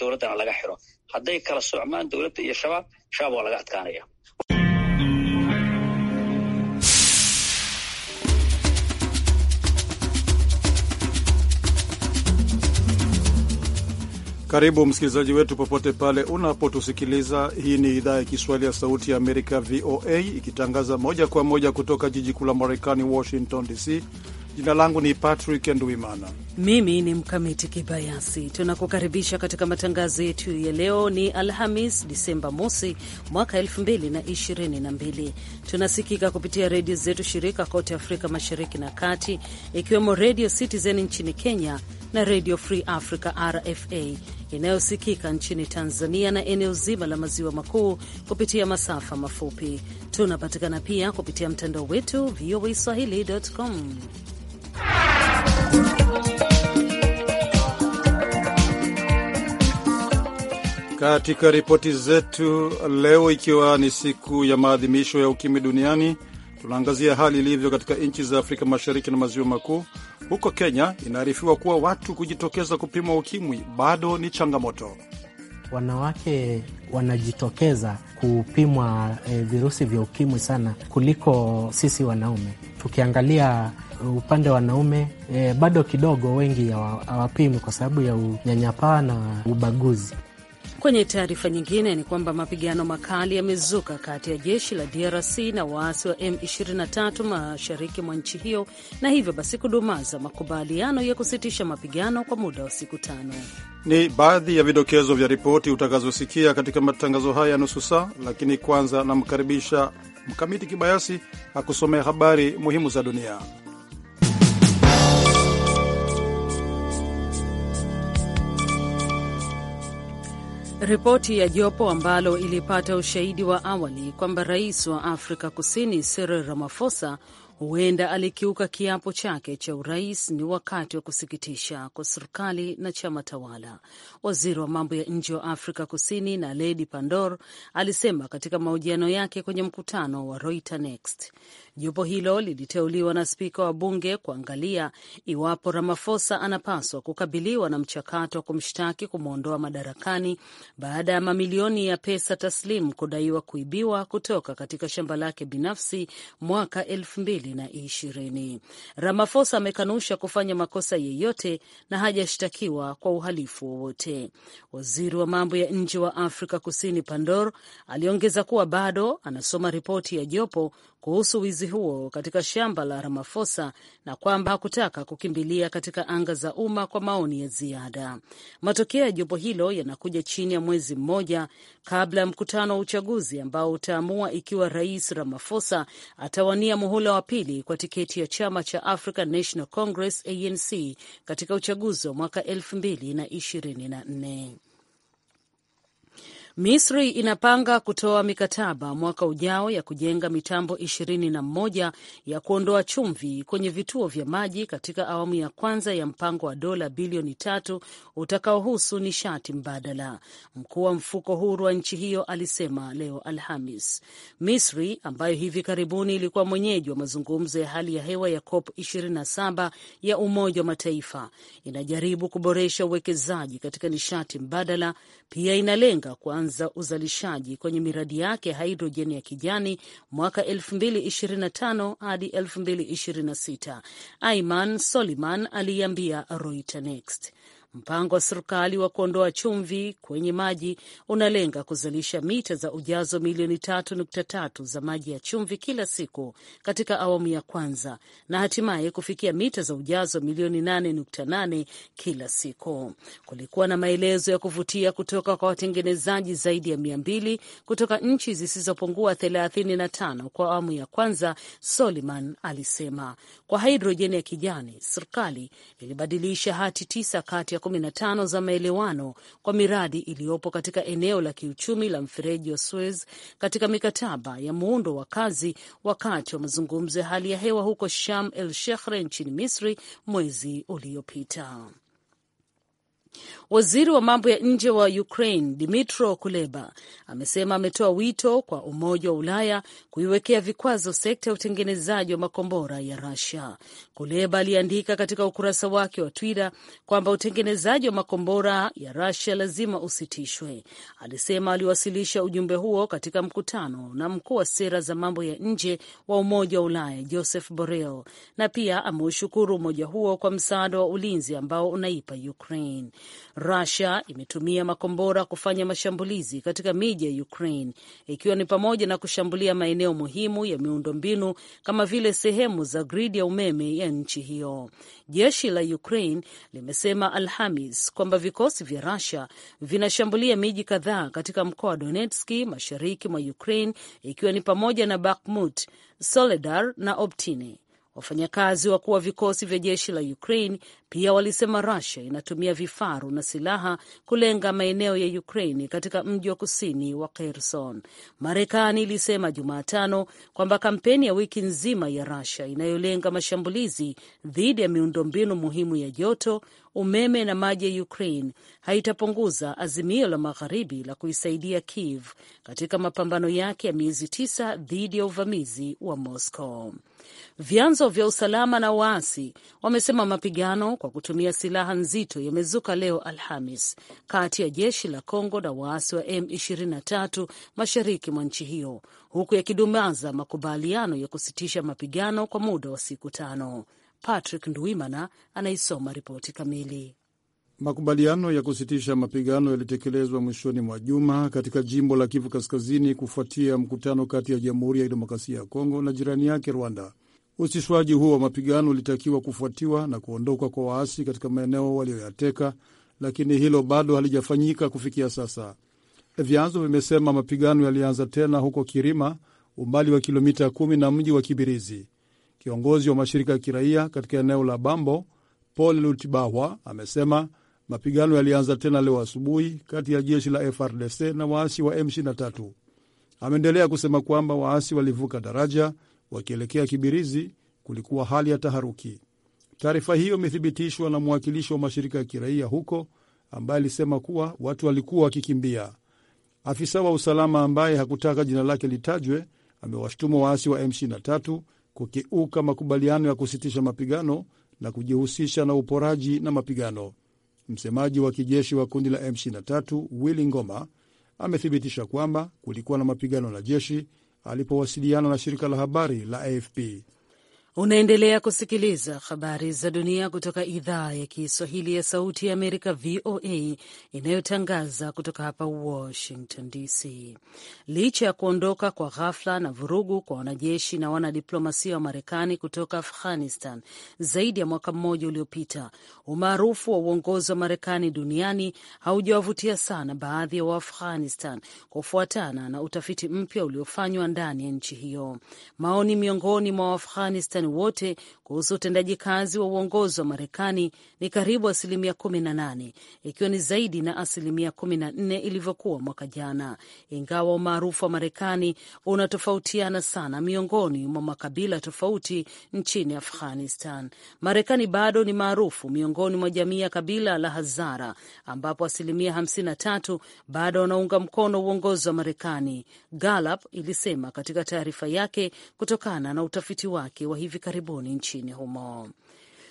dowladana laga xiro hadday kala socmaan dowladda iyo shabaab shabaab waa laga adkaanaya Karibu msikilizaji wetu popote pale unapotusikiliza. Hii ni idhaa ya Kiswahili ya Sauti ya Amerika, VOA, ikitangaza moja kwa moja kutoka jiji kuu la Marekani, Washington DC. Jina langu ni Patrick Nduimana. Mimi ni Mkamiti Kibayasi. Tunakukaribisha katika matangazo yetu ya leo. Ni Alhamis, Disemba mosi mwaka 2022. Tunasikika kupitia redio zetu shirika kote Afrika Mashariki na Kati, ikiwemo Redio Citizen nchini Kenya na Redio Free Africa RFA inayosikika nchini Tanzania na eneo zima la maziwa makuu kupitia masafa mafupi. Tunapatikana pia kupitia mtandao wetu swahili.com. Katika ripoti zetu leo, ikiwa ni siku ya maadhimisho ya ukimwi duniani, tunaangazia hali ilivyo katika nchi za Afrika Mashariki na Maziwa Makuu. Huko Kenya, inaarifiwa kuwa watu kujitokeza kupimwa ukimwi bado ni changamoto. Wanawake wanajitokeza kupimwa e, virusi vya ukimwi sana kuliko sisi wanaume. Tukiangalia upande wa wanaume e, bado kidogo wengi hawapimwi kwa sababu ya unyanyapaa na ubaguzi. Kwenye taarifa nyingine ni kwamba mapigano makali yamezuka kati ya jeshi la DRC na waasi wa M23 mashariki mwa nchi hiyo na hivyo basi kudumaza makubaliano ya kusitisha mapigano kwa muda wa siku tano. Ni baadhi ya vidokezo vya ripoti utakazosikia katika matangazo haya ya nusu saa, lakini kwanza namkaribisha Mkamiti Kibayasi akusomea habari muhimu za dunia. Ripoti ya jopo ambalo ilipata ushahidi wa awali kwamba rais wa Afrika Kusini Cyril Ramaphosa huenda alikiuka kiapo chake cha urais, ni wakati wa kusikitisha kwa serikali na chama tawala. Waziri wa mambo ya nje wa Afrika Kusini na Naledi Pandor alisema katika mahojiano yake kwenye mkutano wa Reuters Next. Jopo hilo liliteuliwa na spika wa bunge kuangalia iwapo ramafosa anapaswa kukabiliwa na mchakato wa kumshtaki kumwondoa madarakani baada ya mamilioni ya pesa taslimu kudaiwa kuibiwa kutoka katika shamba lake binafsi mwaka elfu mbili mbili na ishirini. amekanusha kufanya makosa yeyote na hajashtakiwa kwa uhalifu wowote. Waziri wa mambo ya nje wa Afrika Kusini Pandor aliongeza kuwa bado anasoma ripoti ya jopo kuhusu wizi huo katika shamba la Ramafosa na kwamba hakutaka kukimbilia katika anga za umma kwa maoni ya ziada. Matokeo ya jopo hilo yanakuja chini ya mwezi mmoja kabla ya mkutano wa uchaguzi ambao utaamua ikiwa Rais ramafosa atawania muhula wa pili pili kwa tiketi ya chama cha African National Congress ANC katika uchaguzi wa mwaka nne Misri inapanga kutoa mikataba mwaka ujao ya kujenga mitambo ishirini na mmoja ya kuondoa chumvi kwenye vituo vya maji katika awamu ya kwanza ya mpango wa dola bilioni tatu utakaohusu nishati mbadala. Mkuu wa mfuko huru wa nchi hiyo alisema leo Alhamis. Misri ambayo hivi karibuni ilikuwa mwenyeji wa mazungumzo ya hali ya hewa ya COP 27 ya Umoja wa Mataifa inajaribu kuboresha uwekezaji katika nishati mbadala, pia inalenga kuanza kuanza uzalishaji kwenye miradi yake hidrojeni ya kijani mwaka 2025 hadi 2026, Aiman Soliman aliiambia Reuters Next. Mpango wa serikali wa kuondoa chumvi kwenye maji unalenga kuzalisha mita za ujazo milioni tatu nukta tatu za maji ya chumvi kila siku katika awamu ya kwanza na hatimaye kufikia mita za ujazo milioni nane nukta nane kila siku. Kulikuwa na maelezo ya kuvutia kutoka kwa watengenezaji zaidi ya mia mbili kutoka nchi zisizopungua thelathini na tano kwa awamu ya kwanza, Soliman alisema. Kwa hidrojeni ya kijani, serikali ilibadilisha hati tisa kati ya 15 za maelewano kwa miradi iliyopo katika eneo la kiuchumi la mfereji wa Suez katika mikataba ya muundo wa kazi wakati wa mazungumzo ya hali ya hewa huko Sharm el Sheikh nchini Misri mwezi uliopita. Waziri wa mambo ya nje wa Ukraine Dmytro Kuleba amesema ametoa wito kwa Umoja wa Ulaya kuiwekea vikwazo sekta ya utengenezaji wa makombora ya rasia Kuleba aliandika katika ukurasa wake wa Twitter kwamba utengenezaji wa makombora ya rasia lazima usitishwe. Alisema aliwasilisha ujumbe huo katika mkutano na mkuu wa sera za mambo ya nje wa Umoja wa Ulaya Joseph Borrell, na pia ameushukuru umoja huo kwa msaada wa ulinzi ambao unaipa Ukraine. Rusia imetumia makombora kufanya mashambulizi katika miji ya Ukraine, ikiwa ni pamoja na kushambulia maeneo muhimu ya miundombinu kama vile sehemu za gridi ya umeme ya nchi hiyo. Jeshi la Ukraine limesema Alhamis kwamba vikosi vya Rusia vinashambulia miji kadhaa katika mkoa wa Donetski, mashariki mwa Ukraine, ikiwa ni pamoja na Bakhmut, Soledar na Optine. Wafanyakazi wakuu wa vikosi vya jeshi la Ukraine pia walisema Rusia inatumia vifaru na silaha kulenga maeneo ya Ukraine katika mji wa kusini wa Kherson. Marekani ilisema Jumatano kwamba kampeni ya wiki nzima ya Rusia inayolenga mashambulizi dhidi ya miundombinu muhimu ya joto, umeme na maji ya Ukraine haitapunguza azimio la magharibi la kuisaidia Kiev katika mapambano yake ya miezi tisa dhidi ya uvamizi wa Moscow. Vyanzo vya usalama na waasi wamesema mapigano kwa kutumia silaha nzito yamezuka leo Alhamis kati ya jeshi la congo na waasi wa M23 mashariki mwa nchi hiyo, huku yakidumaza makubaliano ya kusitisha mapigano kwa muda wa siku tano. Patrick Nduimana anaisoma ripoti kamili. Makubaliano ya kusitisha mapigano yalitekelezwa mwishoni mwa juma katika jimbo la Kivu Kaskazini kufuatia mkutano kati ya Jamhuri ya Kidemokrasia ya Kongo na jirani yake Rwanda. Usitishwaji huo wa mapigano ulitakiwa kufuatiwa na kuondoka kwa waasi katika maeneo waliyoyateka, lakini hilo bado halijafanyika kufikia sasa. Vyanzo vimesema mapigano yalianza tena huko Kirima, umbali wa kilomita kumi na mji wa Kibirizi. Kiongozi wa mashirika ya kiraia katika eneo la Bambo, Paul Lutibahwa, amesema mapigano yalianza tena leo asubuhi kati ya jeshi la FRDC na waasi wa M23. Ameendelea kusema kwamba waasi walivuka daraja wakielekea Kibirizi, kulikuwa hali ya taharuki. Taarifa hiyo imethibitishwa na mwakilishi wa mashirika ya kiraia huko, ambaye alisema kuwa watu walikuwa wakikimbia. Afisa wa usalama ambaye hakutaka jina lake litajwe amewashutumu waasi wa M23 kukiuka makubaliano ya kusitisha mapigano na kujihusisha na uporaji na mapigano. Msemaji wa kijeshi wa kundi la M23 Willy Ngoma amethibitisha kwamba kulikuwa na mapigano na jeshi alipowasiliana na shirika la habari la AFP. Unaendelea kusikiliza habari za dunia kutoka idhaa ya Kiswahili ya Sauti ya Amerika, VOA, inayotangaza kutoka hapa Washington DC. Licha ya kuondoka kwa ghafla na vurugu kwa wanajeshi na wanadiplomasia wa Marekani kutoka Afghanistan zaidi ya mwaka mmoja uliopita, umaarufu wa uongozi wa Marekani duniani haujawavutia sana baadhi ya wa Waafghanistan, kufuatana na utafiti mpya uliofanywa ndani ya nchi hiyo. Maoni miongoni mwa Waafghanistan wote kuhusu utendaji kazi wa uongozi wa Marekani ni karibu asilimia 18, ikiwa ni zaidi na asilimia 14 ilivyokuwa mwaka jana, ingawa umaarufu wa Marekani unatofautiana sana miongoni mwa makabila tofauti nchini Afghanistan. Marekani bado ni maarufu miongoni mwa jamii ya kabila la Hazara, ambapo asilimia 53 bado wanaunga mkono uongozi wa Marekani, Gallup ilisema katika taarifa yake, kutokana na utafiti wake wa hivi hivi karibuni nchini humo.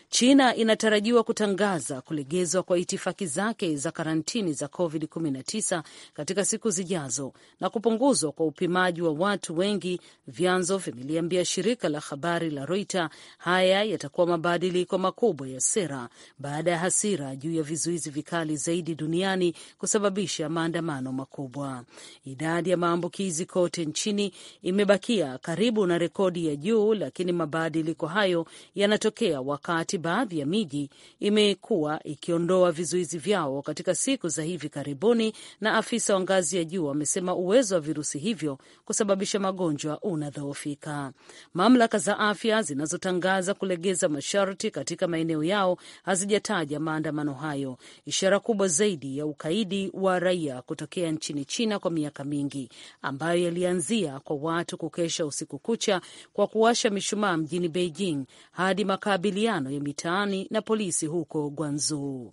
China inatarajiwa kutangaza kulegezwa kwa itifaki zake za karantini za COVID-19 katika siku zijazo na kupunguzwa kwa upimaji wa watu wengi, vyanzo vimeliambia shirika la habari la Reuters. Haya yatakuwa mabadiliko makubwa ya sera baada ya hasira juu ya vizuizi vikali zaidi duniani kusababisha maandamano makubwa. Idadi ya maambukizi kote nchini imebakia karibu na rekodi ya juu, lakini mabadiliko hayo yanatokea wakati wakati baadhi ya miji imekuwa ikiondoa vizuizi vyao katika siku za hivi karibuni, na afisa wa ngazi ya juu amesema uwezo wa virusi hivyo kusababisha magonjwa unadhoofika. Mamlaka za afya zinazotangaza kulegeza masharti katika maeneo yao hazijataja maandamano hayo, ishara kubwa zaidi ya ukaidi wa raia kutokea nchini China kwa miaka mingi, ambayo yalianzia kwa watu kukesha usiku kucha kwa kuwasha mishumaa mjini Beijing hadi makabiliano ya mitaani na polisi huko Guangzhou.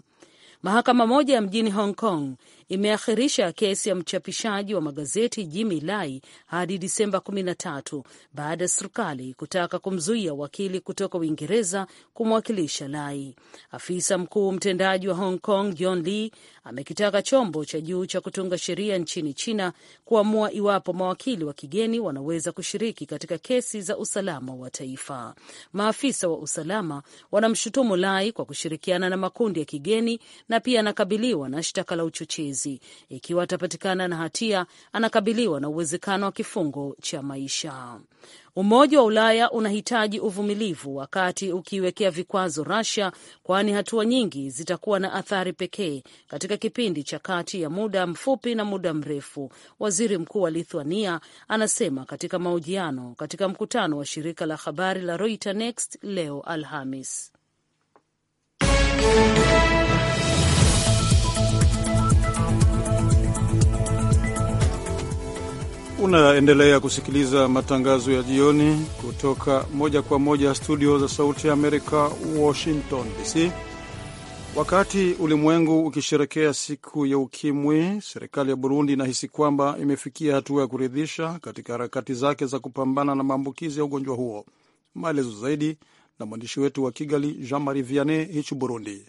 Mahakama moja ya mjini Hong Kong imeakhirisha kesi ya mchapishaji wa magazeti Jimmy Lai hadi Disemba 13 baada ya serikali kutaka kumzuia wakili kutoka Uingereza kumwakilisha Lai. Afisa mkuu mtendaji wa Hong Kong John Lee amekitaka chombo cha juu cha kutunga sheria nchini China kuamua iwapo mawakili wa kigeni wanaweza kushiriki katika kesi za usalama wa taifa. Maafisa wa usalama wanamshutumu Lai kwa kushirikiana na makundi ya kigeni na pia anakabiliwa na shtaka la uchochezi uangalizi. Ikiwa atapatikana na hatia, anakabiliwa na uwezekano wa kifungo cha maisha. Umoja wa Ulaya unahitaji uvumilivu wakati ukiwekea vikwazo Russia, kwani hatua nyingi zitakuwa na athari pekee katika kipindi cha kati ya muda mfupi na muda mrefu, waziri mkuu wa Lithuania anasema katika mahojiano katika mkutano wa shirika la habari la Reuters Next leo Alhamis. Unaendelea kusikiliza matangazo ya jioni kutoka moja kwa moja studio za Sauti ya Amerika, Washington DC. Wakati ulimwengu ukisherekea siku ya Ukimwi, serikali ya Burundi inahisi kwamba imefikia hatua ya kuridhisha katika harakati zake za kupambana na maambukizi ya ugonjwa huo. Maelezo zaidi na mwandishi wetu wa Kigali, Jean Marie Vianney Hichi, Burundi.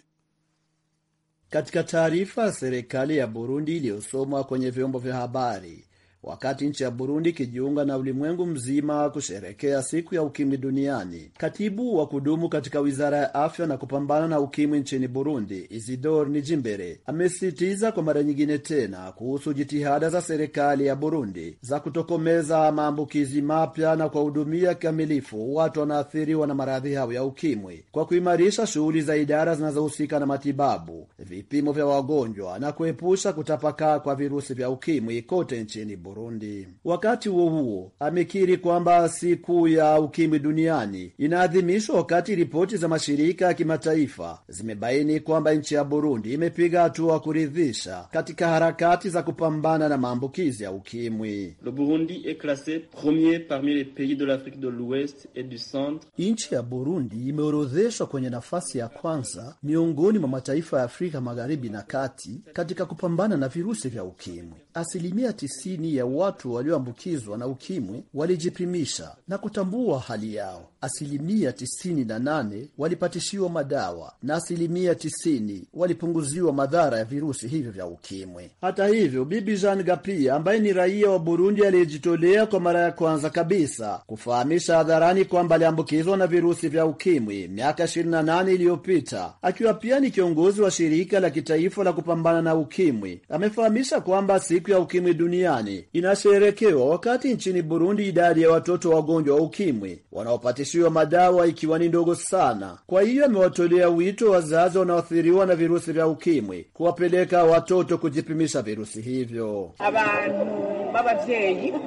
Katika taarifa serikali ya Burundi iliyosomwa kwenye vyombo vya habari wakati nchi ya Burundi ikijiunga na ulimwengu mzima kusherekea siku ya ukimwi duniani. Katibu wa kudumu katika wizara ya afya na kupambana na ukimwi nchini Burundi, Isidor Nijimbere, amesisitiza kwa mara nyingine tena kuhusu jitihada za serikali ya Burundi za kutokomeza maambukizi mapya na kuwahudumia kikamilifu watu wanaathiriwa na maradhi hayo ya ukimwi kwa kuimarisha shughuli za idara zinazohusika na matibabu, vipimo vya wagonjwa na kuepusha kutapakaa kwa virusi vya ukimwi kote nchini Burundi. Burundi. Wakati huo huo, amekiri kwamba siku ya ukimwi duniani inaadhimishwa wakati ripoti za mashirika ya kimataifa zimebaini kwamba nchi ya Burundi imepiga hatua kuridhisha katika harakati za kupambana na maambukizi ya ukimwi. Le Burundi est classé premier parmi les pays de l'Afrique de l'Ouest et du Centre. Nchi ya Burundi imeorodheshwa kwenye nafasi ya kwanza miongoni mwa mataifa ya Afrika Magharibi na Kati katika kupambana na virusi vya ukimwi. Asilimia tisini ya watu walioambukizwa na ukimwi walijipimisha na kutambua hali yao asilimia 98 walipatishiwa madawa na asilimia 90 walipunguziwa madhara ya virusi hivyo vya ukimwi. Hata hivyo, Bibi Jean Gapia ambaye ni raia wa Burundi aliyejitolea kwa mara ya kwanza kabisa kufahamisha hadharani kwamba aliambukizwa na virusi vya ukimwi miaka 28 iliyopita, akiwa pia ni kiongozi wa shirika la kitaifa la kupambana na ukimwi, amefahamisha kwamba siku ya ukimwi duniani inasherekewa wakati nchini Burundi idadi ya watoto wagonjwa wa ukimwi wanaopatishwa kupitishiwa madawa ikiwa ni ndogo sana. Kwa hiyo amewatolea wito wazazi wanaoathiriwa na virusi vya ukimwi kuwapeleka watoto kujipimisha virusi hivyo Abanu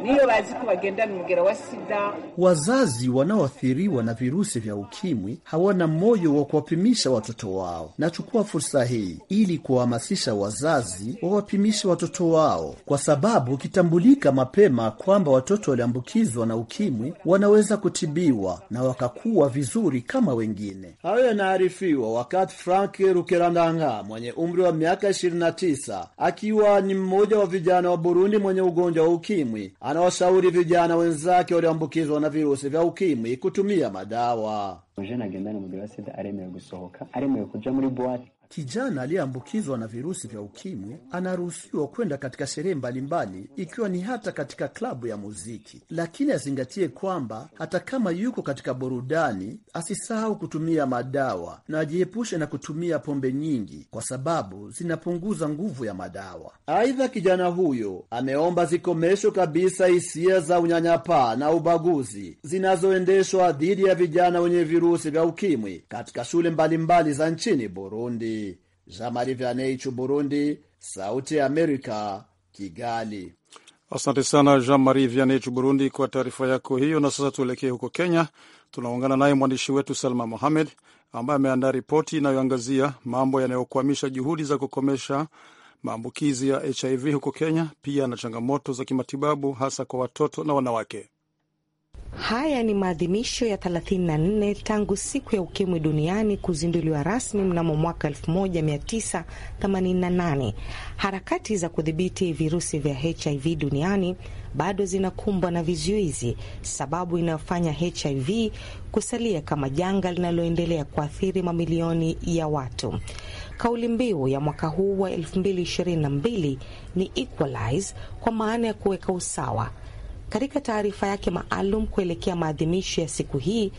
niyo bazi ko wa sida. Wazazi wanaoathiriwa na virusi vya ukimwi hawana moyo wa kuwapimisha watoto wao. Nachukua fursa hii ili kuwahamasisha wazazi wawapimishe watoto wao, kwa sababu ukitambulika mapema kwamba watoto walioambukizwa na ukimwi wanaweza kutibiwa na wakakuwa vizuri kama wengine. Hayo yanaarifiwa wakati Frank Rukerandanga mwenye umri wa miaka 29 akiwa ni mmoja wa vijana wa Burundi mwenye ugonjwa wa ukimwi anawashauri vijana wenzake walioambukizwa na virusi vya ukimwi kutumia madawa. Eugene Agendana mu sida, aremewe gusohoka aremewe kuja muri boate Kijana aliyeambukizwa na virusi vya ukimwi anaruhusiwa kwenda katika sherehe mbalimbali, ikiwa ni hata katika klabu ya muziki, lakini azingatie kwamba hata kama yuko katika burudani, asisahau kutumia madawa na ajiepushe na kutumia pombe nyingi, kwa sababu zinapunguza nguvu ya madawa. Aidha, kijana huyo ameomba zikomeshwe kabisa hisia za unyanyapaa na ubaguzi zinazoendeshwa dhidi ya vijana wenye virusi vya ukimwi katika shule mbalimbali mbali za nchini Burundi. Jean Marie Burundi. Sauti ya Amerika, Kigali. Asante sana Jean Marie Vianney Burundi, kwa taarifa yako hiyo. Na sasa tuelekee huko Kenya. Tunaungana naye mwandishi wetu Salma Mohamed ambaye ameandaa ripoti inayoangazia mambo yanayokwamisha juhudi za kukomesha maambukizi ya HIV huko Kenya, pia na changamoto za kimatibabu hasa kwa watoto na wanawake. Haya ni maadhimisho ya 34 tangu siku ya ukimwi duniani kuzinduliwa rasmi mnamo mwaka 1988. Harakati za kudhibiti virusi vya HIV duniani bado zinakumbwa na vizuizi, sababu inayofanya HIV kusalia kama janga linaloendelea kuathiri mamilioni ya watu. Kauli mbiu ya mwaka huu wa 2022 ni equalize, kwa maana ya kuweka usawa katika taarifa yake maalum kuelekea maadhimisho ya siku hii,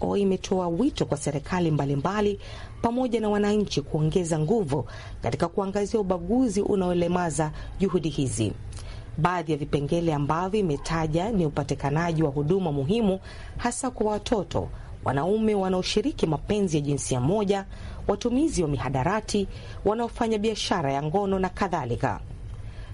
WHO imetoa wito kwa serikali mbalimbali pamoja na wananchi kuongeza nguvu katika kuangazia ubaguzi unaolemaza juhudi hizi. Baadhi ya vipengele ambavyo imetaja ni upatikanaji wa huduma muhimu hasa kwa watoto, wanaume wanaoshiriki mapenzi ya jinsia moja, watumizi wa mihadarati, wanaofanya biashara ya ngono na kadhalika.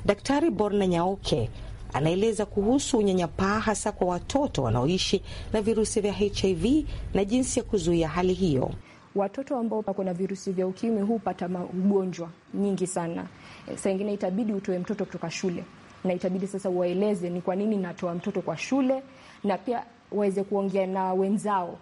Daktari Borna Nyaoke anaeleza kuhusu unyanyapaa hasa kwa watoto wanaoishi na virusi vya HIV na jinsi ya kuzuia hali hiyo. Watoto ambao wako na virusi vya ukimwi hupata ugonjwa nyingi sana. Saa ingine itabidi utoe mtoto kutoka shule, na itabidi sasa uwaeleze ni kwa nini natoa mtoto kwa shule, na pia waweze kuongea na wenzao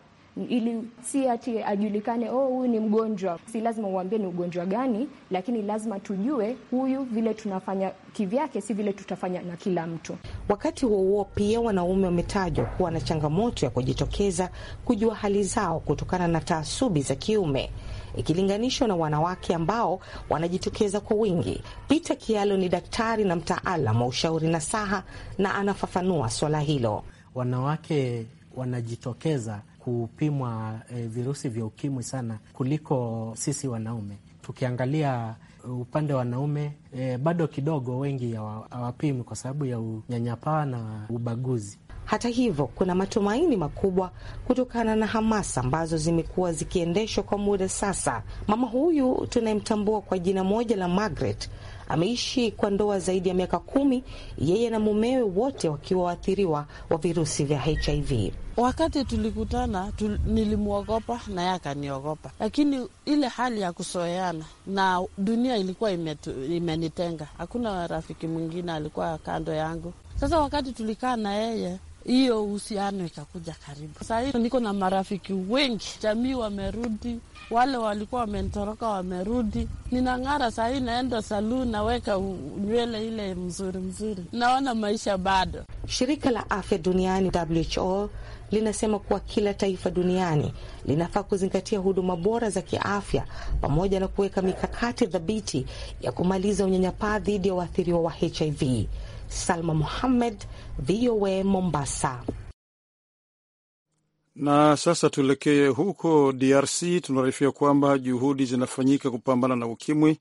ili si ati ajulikane, oh, huyu ni mgonjwa. Si lazima uambie ni ugonjwa gani, lakini lazima tujue huyu, vile tunafanya kivyake si vile tutafanya na kila mtu. Wakati huo huo, pia wanaume wametajwa kuwa na changamoto ya kujitokeza kujua hali zao kutokana na taasubi za kiume ikilinganishwa na wanawake ambao wanajitokeza kwa wingi. Peter Kialo ni daktari na mtaalam wa ushauri na saha, na anafafanua swala hilo. Wanawake wanajitokeza kupimwa e, virusi vya ukimwi sana kuliko sisi wanaume. Tukiangalia eh, upande wa wanaume e, bado kidogo wengi hawapimwi kwa sababu ya unyanyapaa na ubaguzi. Hata hivyo kuna matumaini makubwa kutokana na hamasa ambazo zimekuwa zikiendeshwa kwa muda sasa. Mama huyu tunayemtambua kwa jina moja la Margaret ameishi kwa ndoa zaidi ya miaka kumi, yeye na mumewe wote wakiwa waathiriwa wa virusi vya HIV. Wakati tulikutana tu, nilimwogopa na yeye akaniogopa, lakini ile hali ya kusoeana na dunia ilikuwa imenitenga. Hakuna rafiki mwingine alikuwa kando yangu. Sasa wakati tulikaa na yeye hiyo uhusiano ikakuja karibu. Sasa niko na marafiki wengi, jamii wamerudi, wale walikuwa wamenitoroka wamerudi. Ninang'ara saa hii, naenda saluni, naweka nywele ile mzuri mzuri, naona maisha bado. Shirika la Afya Duniani WHO linasema kuwa kila taifa duniani linafaa kuzingatia huduma bora za kiafya pamoja na kuweka mikakati thabiti ya kumaliza unyanyapaa dhidi ya waathiriwa wa HIV. Salma Mohammed, VOA Mombasa. Na sasa tuelekee huko DRC. Tunaarifia kwamba juhudi zinafanyika kupambana na ukimwi,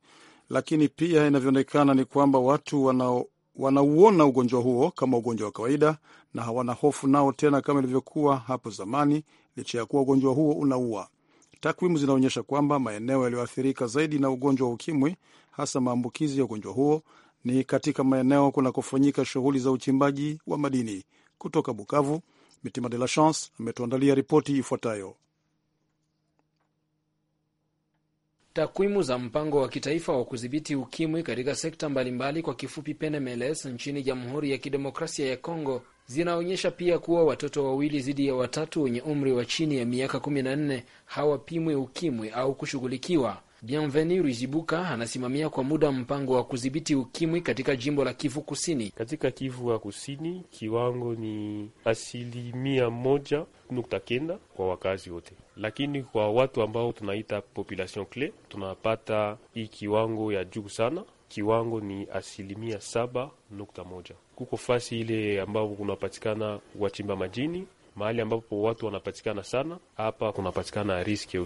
lakini pia inavyoonekana ni kwamba watu wanao wanauona ugonjwa huo kama ugonjwa wa kawaida na hawana hofu nao tena kama ilivyokuwa hapo zamani, licha ya kuwa ugonjwa huo unaua. Takwimu zinaonyesha kwamba maeneo yaliyoathirika zaidi na ugonjwa wa ukimwi, hasa maambukizi ya ugonjwa huo, ni katika maeneo kunakofanyika shughuli za uchimbaji wa madini. Kutoka Bukavu, Mitima de la Chance ametuandalia ripoti ifuatayo. Takwimu za mpango wa kitaifa wa kudhibiti ukimwi katika sekta mbalimbali, kwa kifupi PENMLS, nchini Jamhuri ya Kidemokrasia ya Kongo zinaonyesha pia kuwa watoto wawili dhidi ya watatu wenye umri wa chini ya miaka 14 hawapimwi ukimwi au kushughulikiwa. Bienvenu Ruzibuka anasimamia kwa muda mpango wa kudhibiti ukimwi katika jimbo la Kivu Kusini. Katika Kivu ya Kusini, kiwango ni asilimia moja nukta kenda kwa wakazi wote, lakini kwa watu ambao tunaita population cle tunapata hii kiwango ya juu sana, kiwango ni asilimia saba nukta moja. Kuko fasi ile ambao kunapatikana wachimba majini mahali ambapo watu wanapatikana sana, hapa kunapatikana riski ya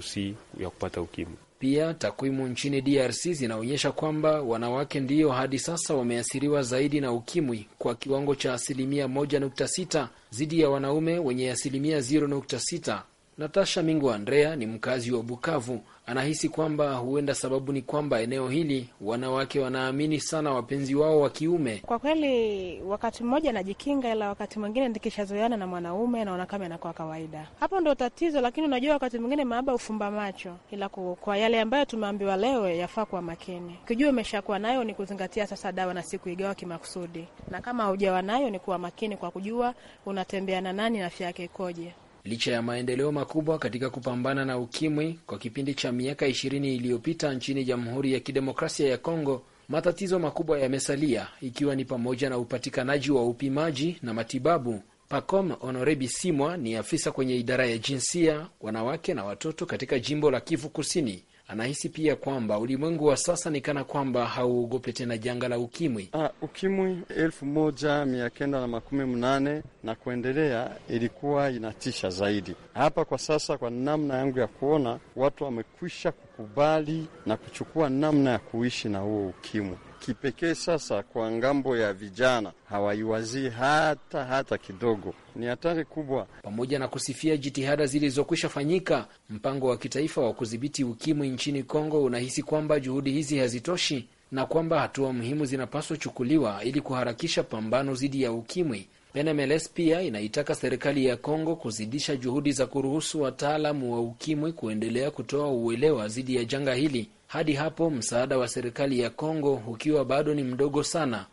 ya kupata ukimwi. Pia takwimu nchini DRC zinaonyesha kwamba wanawake ndiyo hadi sasa wameathiriwa zaidi na ukimwi kwa kiwango cha asilimia 1.6 dhidi ya wanaume wenye asilimia 0.6. Natasha Mingo Andrea ni mkazi wa Bukavu, anahisi kwamba huenda sababu ni kwamba eneo hili wanawake wanaamini sana wapenzi wao wa kiume. Kwa kweli, wakati mmoja najikinga, ila wakati mwingine nikishazoeana na mwanaume naona kama inakuwa kawaida. Hapo ndo tatizo, lakini unajua, wakati mwingine maaba ufumba macho, ila kwa yale ambayo tumeambiwa leo yafaa kuwa makini. Ukijua umeshakuwa nayo ni kuzingatia sasa dawa na siku igawa kimakusudi, na kama haujawa nayo ni kuwa makini kwa kujua unatembea na nani, afya yake ikoje. Licha ya maendeleo makubwa katika kupambana na ukimwi kwa kipindi cha miaka ishirini iliyopita nchini Jamhuri ya Kidemokrasia ya Kongo, matatizo makubwa yamesalia, ikiwa ni pamoja na upatikanaji wa upimaji na matibabu. Pacom Honore Bisimwa ni afisa kwenye idara ya jinsia, wanawake na watoto katika jimbo la Kivu Kusini anahisi pia kwamba ulimwengu wa sasa ni kana kwamba hauogope tena janga la ukimwi. Ah, ukimwi elfu moja mia kenda na makumi mnane na kuendelea ilikuwa inatisha zaidi. Hapa kwa sasa, kwa namna yangu ya kuona, watu wamekwisha kukubali na kuchukua namna ya kuishi na huo ukimwi kipekee sasa kwa ngambo ya vijana hawaiwazii hata hata kidogo. Ni hatari kubwa. Pamoja na kusifia jitihada zilizokwisha fanyika, mpango wa kitaifa wa kudhibiti ukimwi nchini Kongo unahisi kwamba juhudi hizi hazitoshi na kwamba hatua muhimu zinapaswa chukuliwa ili kuharakisha pambano dhidi ya ukimwi NMLS pia inaitaka serikali ya Kongo kuzidisha juhudi za kuruhusu wataalamu wa ukimwi kuendelea kutoa uelewa dhidi ya janga hili. Hadi hapo msaada wa serikali ya Kongo ukiwa bado ni mdogo sana.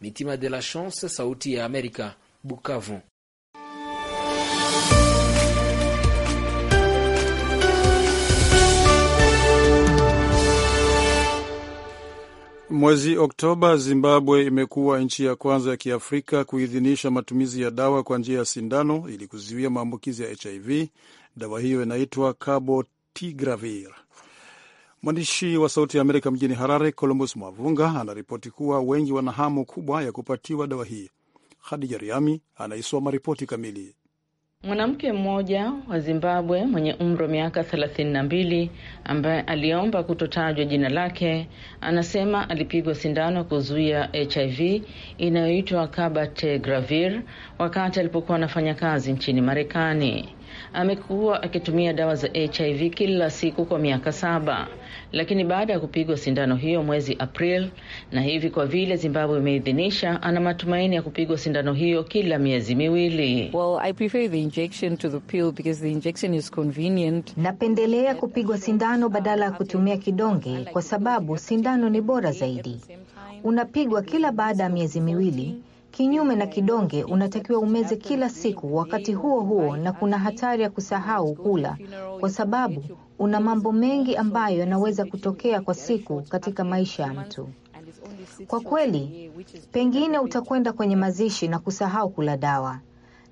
Mitima de la Chance, Sauti ya Amerika, Bukavu. Mwezi Oktoba, Zimbabwe imekuwa nchi ya kwanza ya kiafrika kuidhinisha matumizi ya dawa kwa njia ya sindano ili kuzuia maambukizi ya HIV. Dawa hiyo inaitwa cabotegravir. Mwandishi wa Sauti ya Amerika mjini Harare, Columbus Mwavunga, anaripoti kuwa wengi wana hamu kubwa ya kupatiwa dawa hii. Hadija Riami anaisoma ripoti kamili. Mwanamke mmoja wa Zimbabwe mwenye umri wa miaka thelathini na mbili ambaye aliomba kutotajwa jina lake anasema alipigwa sindano kuzuia HIV inayoitwa cabotegravir wakati alipokuwa anafanya kazi nchini Marekani. Amekuwa akitumia dawa za HIV kila siku kwa miaka saba, lakini baada ya kupigwa sindano hiyo mwezi April, na hivi kwa vile Zimbabwe imeidhinisha, ana matumaini ya kupigwa sindano hiyo kila miezi miwili. Well, Napendelea kupigwa sindano badala ya kutumia kidonge kwa sababu sindano ni bora zaidi. Unapigwa kila baada ya miezi miwili Kinyume na kidonge, unatakiwa umeze kila siku wakati huo huo, na kuna hatari ya kusahau kula, kwa sababu una mambo mengi ambayo yanaweza kutokea kwa siku katika maisha ya mtu. Kwa kweli, pengine utakwenda kwenye mazishi na kusahau kula dawa,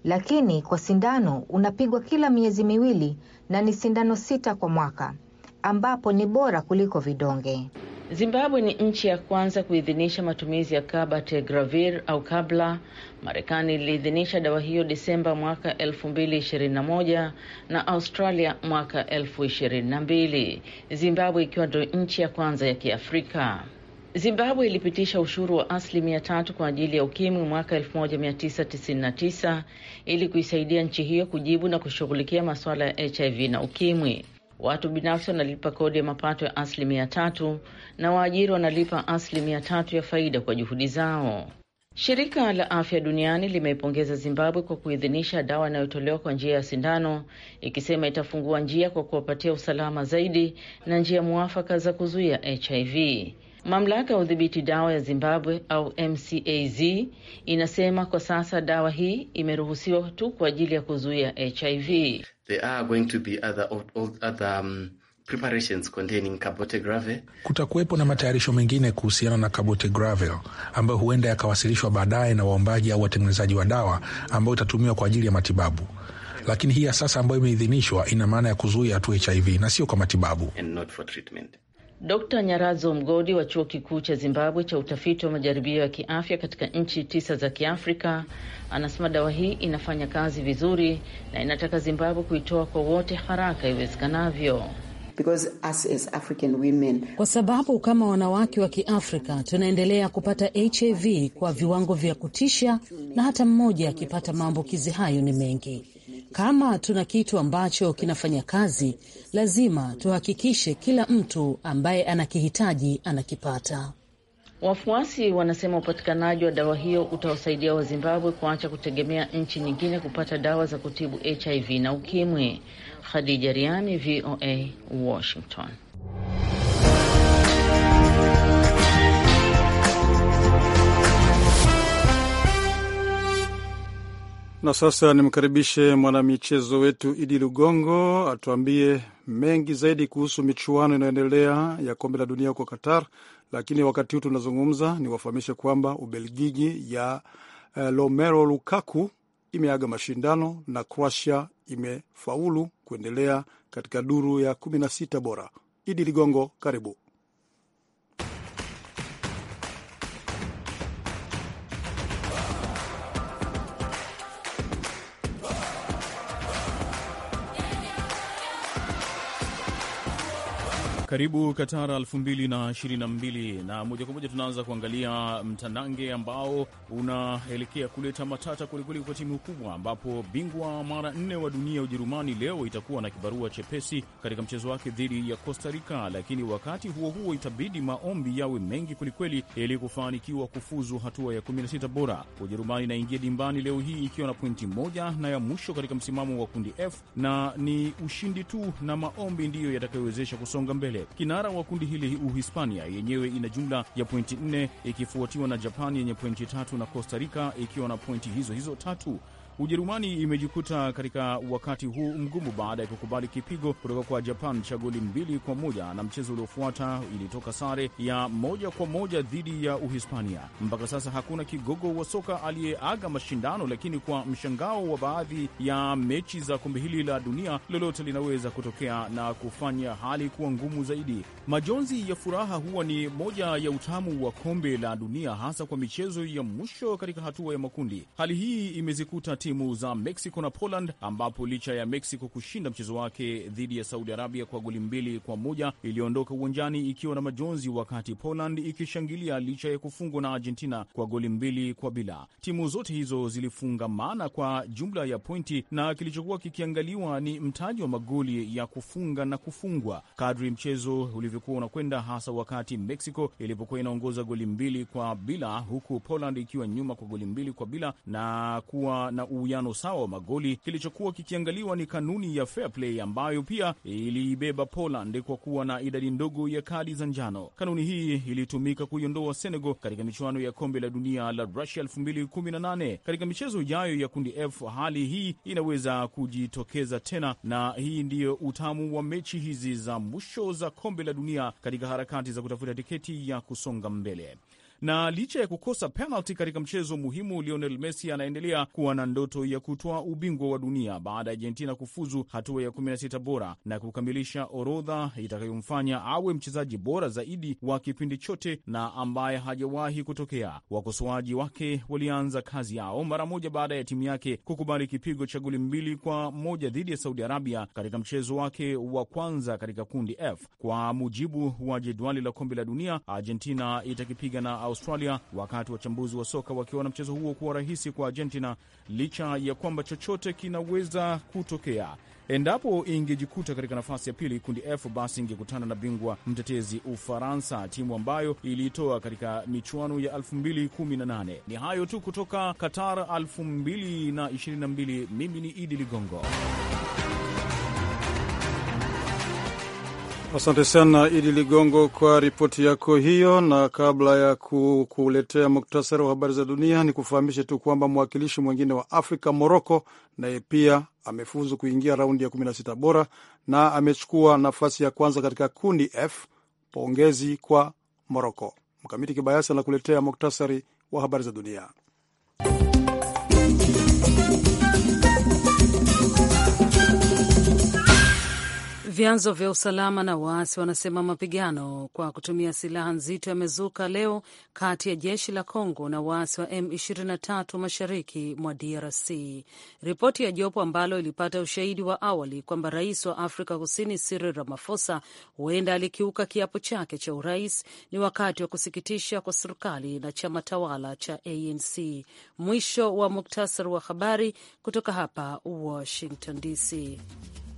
lakini kwa sindano unapigwa kila miezi miwili na ni sindano sita kwa mwaka, ambapo ni bora kuliko vidonge. Zimbabwe ni nchi ya kwanza kuidhinisha matumizi ya cabotegravir au kabla. Marekani iliidhinisha dawa hiyo Desemba mwaka 2021 na Australia mwaka 2022, Zimbabwe ikiwa ndio nchi ya kwanza ya Kiafrika. Zimbabwe ilipitisha ushuru wa asilimia tatu kwa ajili ya ukimwi mwaka 1999 ili kuisaidia nchi hiyo kujibu na kushughulikia masuala ya HIV na ukimwi. Watu binafsi wanalipa kodi ya mapato ya asilimia tatu na waajiri wanalipa asilimia tatu ya faida kwa juhudi zao. Shirika la Afya Duniani limeipongeza Zimbabwe kwa kuidhinisha dawa inayotolewa kwa njia ya sindano, ikisema itafungua njia kwa kuwapatia usalama zaidi na njia mwafaka za kuzuia HIV. Mamlaka ya udhibiti dawa ya Zimbabwe au MCAZ inasema kwa sasa dawa hii imeruhusiwa tu kwa ajili ya kuzuia HIV. There are going to be other, other, um... Kutakuwepo na matayarisho mengine kuhusiana na Cabote Gravel ambayo huenda yakawasilishwa baadaye na waombaji au watengenezaji wa dawa ambayo itatumiwa kwa ajili ya matibabu, lakini hii ya sasa ambayo imeidhinishwa ina maana ya kuzuia tu HIV na sio kwa matibabu. And not for treatment. Dr Nyarazo Mgodi wa chuo kikuu cha Zimbabwe cha utafiti wa majaribio ya kiafya katika nchi tisa za Kiafrika anasema dawa hii inafanya kazi vizuri na inataka Zimbabwe kuitoa kwa wote haraka iwezekanavyo. Because us as African women, kwa sababu kama wanawake wa Kiafrika tunaendelea kupata HIV kwa viwango vya kutisha, na hata mmoja akipata maambukizi hayo ni mengi kama tuna kitu ambacho kinafanya kazi, lazima tuhakikishe kila mtu ambaye anakihitaji anakipata. Wafuasi wanasema upatikanaji wa dawa hiyo utawasaidia Wazimbabwe kuacha kutegemea nchi nyingine kupata dawa za kutibu HIV na UKIMWI. Khadija Riami, VOA, Washington. Na sasa nimkaribishe mwanamichezo wetu Idi Lugongo atuambie mengi zaidi kuhusu michuano inayoendelea ya kombe la dunia huko Qatar. Lakini wakati huu tunazungumza, niwafahamishe kwamba Ubelgiji ya uh, eh, Lomelo Lukaku imeaga mashindano na Croatia imefaulu kuendelea katika duru ya 16 bora. Idi Ligongo, karibu. Karibu Katara 2022 na moja kwa moja tunaanza kuangalia mtanange ambao unaelekea kuleta matata kwelikweli kwa timu kubwa, ambapo bingwa mara nne wa dunia Ujerumani leo itakuwa na kibarua chepesi katika mchezo wake dhidi ya Costa Rica, lakini wakati huo huo itabidi maombi yawe mengi kwelikweli ili kufanikiwa kufuzu hatua ya 16 bora. Ujerumani inaingia dimbani leo hii ikiwa na pointi moja na ya mwisho katika msimamo wa kundi F, na ni ushindi tu na maombi ndiyo yatakayowezesha kusonga mbele mbele. Kinara wa kundi hili Uhispania yenyewe ina jumla ya pointi nne ikifuatiwa na Japani yenye pointi tatu na Costa Rica ikiwa na pointi hizo hizo tatu. Ujerumani imejikuta katika wakati huu mgumu baada ya kukubali kipigo kutoka kwa Japan cha goli mbili kwa moja na mchezo uliofuata ilitoka sare ya moja kwa moja dhidi ya Uhispania. Mpaka sasa hakuna kigogo wa soka aliyeaga mashindano, lakini kwa mshangao wa baadhi ya mechi za kombe hili la dunia, lolote linaweza kutokea na kufanya hali kuwa ngumu zaidi. Majonzi ya furaha huwa ni moja ya utamu wa kombe la dunia, hasa kwa michezo ya mwisho katika hatua ya makundi. Hali hii imezikuta timu za Mexico na Poland, ambapo licha ya Mexico kushinda mchezo wake dhidi ya Saudi Arabia kwa goli mbili kwa moja iliondoka uwanjani ikiwa na majonzi, wakati Poland ikishangilia licha ya kufungwa na Argentina kwa goli mbili kwa bila. Timu zote hizo maana kwa jumla ya pointi, na kilichokuwa kikiangaliwa ni mtaji wa magoli ya kufunga na kufungwa kadri mchezo ulivyokuwa unakwenda, hasa wakati Mexico ilipokuwa inaongoza goli mbili kwa bila, huku Poland ikiwa nyuma kwa goli mbili kwa bila na kuwa na uwiano sawa wa magoli kilichokuwa kikiangaliwa ni kanuni ya fair play ambayo pia iliibeba Poland kwa kuwa na idadi ndogo ya kadi za njano. Kanuni hii ilitumika kuiondoa Senegal katika michuano ya kombe la dunia la Russia 2018. Katika michezo ijayo ya kundi F, hali hii inaweza kujitokeza tena, na hii ndiyo utamu wa mechi hizi za mwisho za kombe la dunia katika harakati za kutafuta tiketi ya kusonga mbele na licha ya kukosa penalti katika mchezo muhimu, Lionel Messi anaendelea kuwa na ndoto ya kutoa ubingwa wa dunia baada ya Argentina kufuzu hatua ya 16 bora na kukamilisha orodha itakayomfanya awe mchezaji bora zaidi wa kipindi chote na ambaye hajawahi kutokea. Wakosoaji wake walianza kazi yao mara moja baada ya timu yake kukubali kipigo cha goli mbili kwa moja dhidi ya Saudi Arabia katika mchezo wake wa kwanza katika kundi F. Kwa mujibu wa jedwali la kombe la dunia, Argentina itakipiga na Australia, wakati wachambuzi wa soka wakiona mchezo huo kuwa rahisi kwa Argentina, licha ya kwamba chochote kinaweza kutokea. Endapo ingejikuta katika nafasi ya pili kundi F, basi ingekutana na bingwa mtetezi Ufaransa, timu ambayo iliitoa katika michuano ya 2018. Ni hayo tu kutoka Qatar 2022. Mimi ni Idi Ligongo. Asante sana Idi Ligongo kwa ripoti yako hiyo. Na kabla ya kukuletea muktasari wa habari za dunia, ni kufahamishe tu kwamba mwakilishi mwingine wa Afrika Moroko naye pia amefuzu kuingia raundi ya 16 bora na amechukua nafasi ya kwanza katika kundi F. Pongezi kwa Moroko. Mkamiti Kibayasi anakuletea muktasari wa habari za dunia. Vyanzo vya usalama na waasi wanasema mapigano kwa kutumia silaha nzito yamezuka leo kati ya jeshi la congo na waasi wa M23 mashariki mwa DRC. Ripoti ya jopo ambalo ilipata ushahidi wa awali kwamba rais wa Afrika Kusini Cyril Ramaphosa huenda alikiuka kiapo chake cha urais ni wakati wa kusikitisha kwa serikali na chama tawala cha ANC. Mwisho wa muktasari wa habari kutoka hapa Washington DC.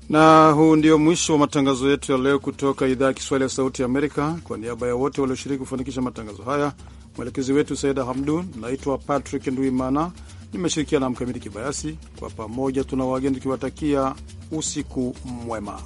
Na huu ndio mwisho wa matangazo yetu ya leo kutoka idhaa ya Kiswahili ya Sauti Amerika. Kwa niaba ya wote walioshiriki kufanikisha matangazo haya, mwelekezi wetu Saida Hamdun, naitwa Patrick Nduimana, nimeshirikiana na Mkamiti Kibayasi. Kwa pamoja tuna wageni tukiwatakia usiku mwema.